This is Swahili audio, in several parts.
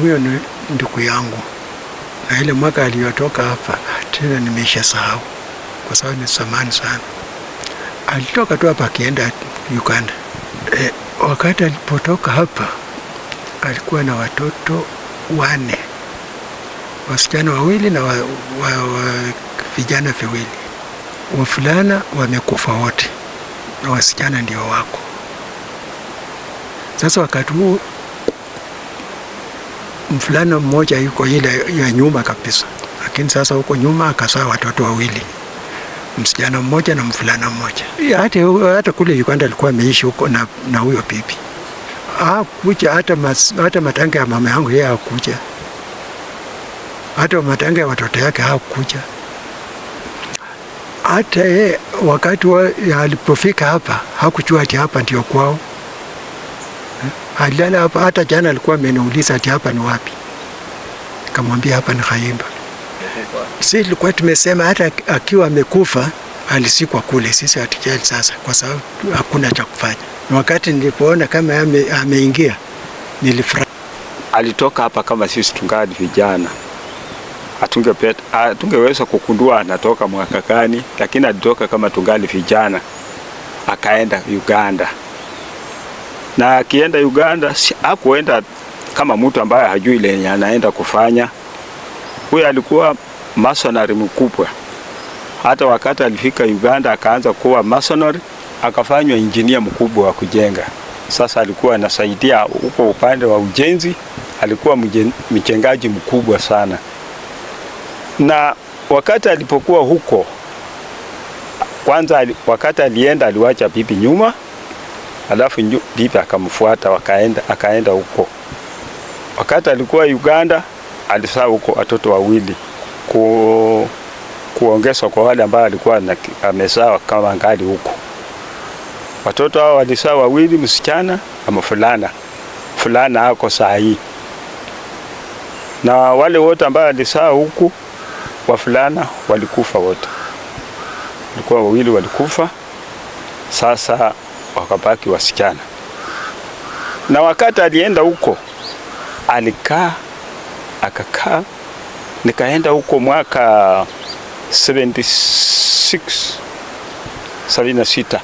huyo ni ndugu yangu, na ile mwaka aliyotoka hapa tena nimesha sahau, kwa sababu ni zamani sana. Alitoka tu hapa akienda Uganda. E, wakati alipotoka hapa alikuwa na watoto wane, wasichana wawili na wa, wa, wa vijana viwili. wafulana wamekufa wote na wasichana ndio wako sasa. Wakati huu mfulano mmoja yuko ile ya nyuma kabisa, lakini sasa huko nyuma akasaa watoto wawili, msichana mmoja na mfulana mmoja. Hata, hata kule Uganda alikuwa ameishi huko na, na huyo bibi akuja hata, hata matanga ya mama yangu yeye akuja hata matanga ya watoto yake hakuja. Hata yeye wakati alipofika hapa hakujua ati hapa ndio kwao alilala hapa. Hata jana alikuwa ameniuliza ati hapa ni wapi, kamwambia hapa ni Khaimba. Sisi tulikuwa tumesema hata akiwa amekufa alisikwa kule, sisi hatujali sasa, kwa sababu hakuna cha kufanya. Na wakati nilipoona kama ameingia nilifurahi. Alitoka hapa kama sisi tungali vijana hatungeweza kukundua anatoka mwaka gani, lakini alitoka kama tungali vijana akaenda Uganda na akienda Uganda hakuenda kama mtu ambaye hajui lenye anaenda kufanya. Huyo alikuwa masonari mkubwa, hata wakati alifika Uganda akaanza kuwa masonari, akafanywa injinia mkubwa wa kujenga. Sasa alikuwa anasaidia huko upande wa ujenzi, alikuwa mjengaji mkubwa sana. Na wakati alipokuwa huko kwanza, wakati alienda aliwacha bibi nyuma alafu bibi akamfuata wakaenda, akaenda huko. Wakati alikuwa Uganda alisaa huko watoto wawili ku, kuongezwa kwa wale ambao alikuwa amezaa kama ngali huko. Watoto hao walisaa wawili, msichana ama fulana, fulana ako saa hii na wale wote ambao walizaa huku fulana walikufa wote, walikuwa wawili walikufa. Sasa wakabaki wasichana. Na wakati alienda huko alikaa akakaa, nikaenda huko mwaka 76 sita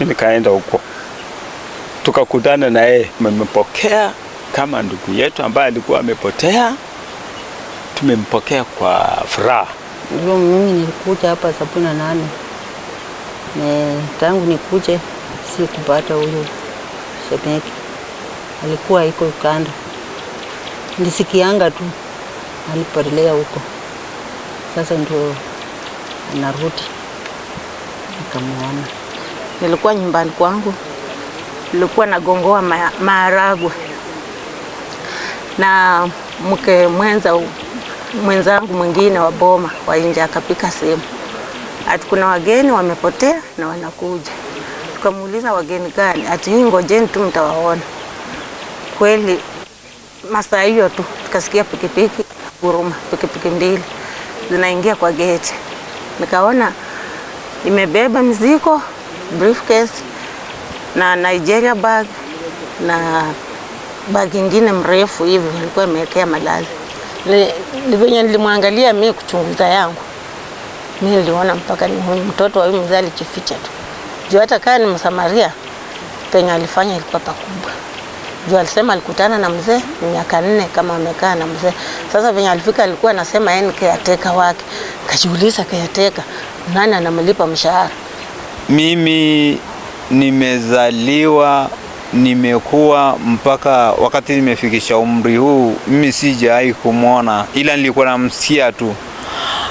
nikaenda huko tukakutana na yeye, mmempokea kama ndugu yetu ambaye alikuwa amepotea. Tumempokea kwa furaha. Mimi nilikuja hapa sabini na nane eh, tangu nikuje sio kupata huyu Shemeki, alikuwa iko ukanda, nisikianga tu alipotelea huko, sasa ndio anarudi nikamwona. Nilikuwa nyumbani kwangu, nilikuwa nagongoa maharagwe na mke mwenza mwenzangu mwingine wa boma wa akapika sehemu ati kuna wageni wamepotea na wanakuja tukamuuliza wageni gani, ati ngojeni tu mtawaona. Kweli masaa hiyo tu tukasikia pikipiki guruma, pikipiki mbili zinaingia kwa geti, nikaona imebeba mzigo briefcase na Nigeria bag na bag ingine mrefu hivi ilikuwa imewekea malazi. Venye nilimwangalia mimi kuchunguza yangu, mimi niliona mpaka ni mtoto wa huyu mzee alijificha tu juu hata kaya ni Msamaria, penye alifanya ilikuwa pakubwa juu alisema alikutana na mzee miaka nne kama amekaa na mzee. Sasa venye alifika alikuwa anasema yeye caretaker wake, kajiuliza caretaker nani anamlipa mshahara? Mimi nimezaliwa nimekuwa mpaka wakati nimefikisha umri huu, mimi sijawahi kumwona, ila nilikuwa namsikia tu.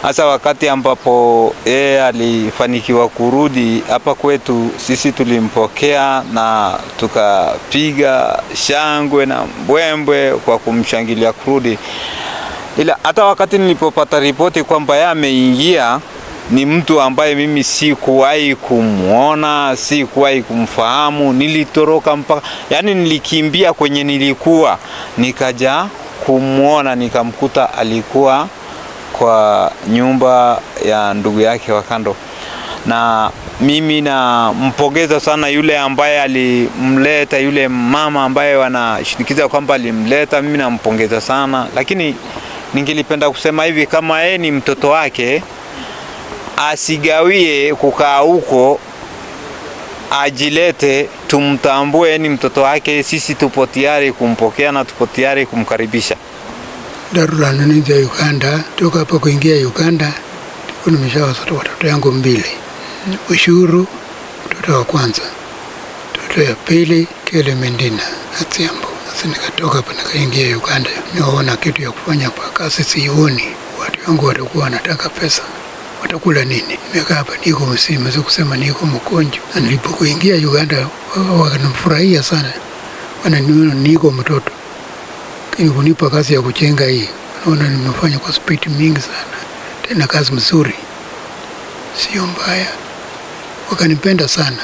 Hasa wakati ambapo yeye alifanikiwa kurudi hapa kwetu, sisi tulimpokea na tukapiga shangwe na mbwembwe kwa kumshangilia kurudi. Ila hata wakati nilipopata ripoti kwamba yeye ameingia, ni mtu ambaye mimi sikuwahi kumwona, sikuwahi kumfahamu. Nilitoroka mpaka, yani nilikimbia kwenye nilikuwa, nikaja kumwona, nikamkuta alikuwa kwa nyumba ya ndugu yake wa kando, na mimi nampongeza sana yule ambaye alimleta, yule mama ambaye wanashinikiza kwamba alimleta, mimi nampongeza sana, lakini ningelipenda kusema hivi, kama yeye ni mtoto wake asigawie kukaa huko, ajilete, tumtambue ni mtoto wake. Sisi tupo tayari kumpokea na tupo tayari kumkaribisha. Darula nani za Uganda toka hapo kuingia Uganda nimesha watoto yangu mbili, ushuru mtoto wa kwanza, mtoto ya pili Kele Mendina Atsiambo. Sasa nikatoka hapo nikaingia Uganda, niwaona kitu ya kufanya kwa kasi sioni. Watu wangu watakuwa wanataka pesa, watakula nini? Nimekaa hapa niko msimu, si kusema niko mgonjwa. Nilipokuingia Uganda wakanifurahia sana, wananiona niko mtoto ni kunipa kazi ya kujenga hii. Unaona, nimefanya kwa spidi mingi sana, tena kazi mzuri, sio mbaya. Wakanipenda sana,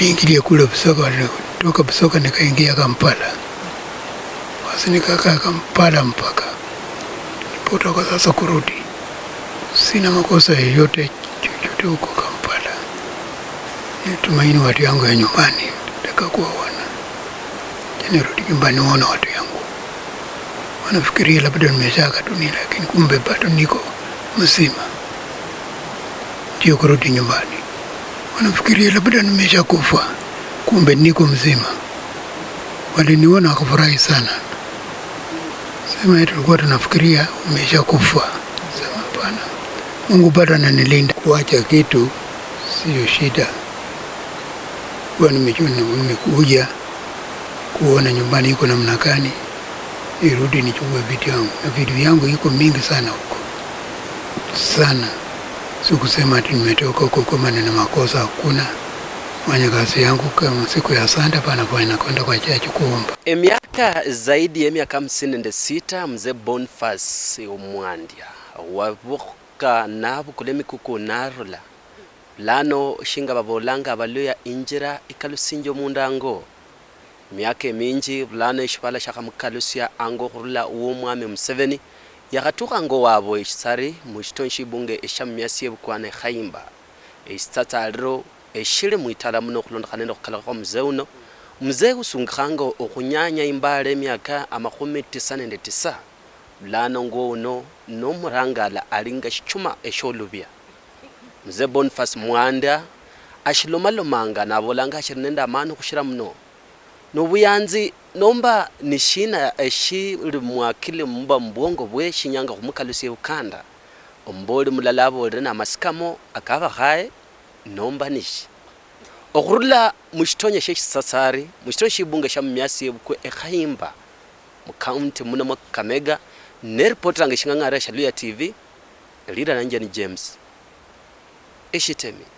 Niingilie kule Busoga, toka Busoga nikaingia Kampala, basi nikakaa Kampala mpaka nipotoka sasa kurudi. Sina makosa yoyote chochote huko Kampala, nitumaini watu yangu ya nyumbani, nataka kuwaona, nirudi nyumbani waona watu yangu wanafikiria labda nimezaka tu lakini kumbe bado niko mzima. Ndio kurudi nyumbani, wanafikiria labda nimesha kufa, kumbe niko mzima. Waliniona wakafurahi sana, sema tulikuwa tunafikiria umesha kufa. Sema hapana, Mungu bado ananilinda. Kuacha kitu siyo shida, kuwa nimekuja kuona nyumbani iko namna gani irudi nichukue vitu yangu, na vitu vyangu iko mingi sana huko sana. Sikusema ati nimetoka huko kama nina makosa, hakuna fanya kazi yangu kama siku ya sanda panafanya kwenda kwa chachi kuomba. E, miaka zaidi ya miaka hamsini nde sita mzee Boniface Omwandia wavuka navo kule mikuku narola lano shinga babolanga abaluya injira ikalusinja mundango myaka mingi vulano eshipala shakhamkalusia ango khurula woomwami museveni yakhatukha ngo waabwe eshisari mushitoni shibunge eshamyasi evukwana ekhayimba esitsatsaliro eshili mwitala muno okhulondekhana nende okhukalakha omuzee uno muzee usungikhanga okhunyaanya imbaala emyaka amakhumi tisa nende tisa vulano ngo uno nomurangala alinga shichuma esholuvya muzee boniface mwanda ashilomalomanga navolanga ashiri nende amani khushira muno nobuyanzi nomba nishina eshili eh, mwakili mumba mubwongo bwe shinyanga khumukalusia ukanda omboli mulala abolere namasikamo akabakhaye nomba nishi okhurula mushitonya sheshisasari mushitonya shibunga sha mumiasi yebukwe ekhayimba mukaunti muno mwa kamega neripotanga shing'ang'ara sha luya tv lira nanje ni james eshitemi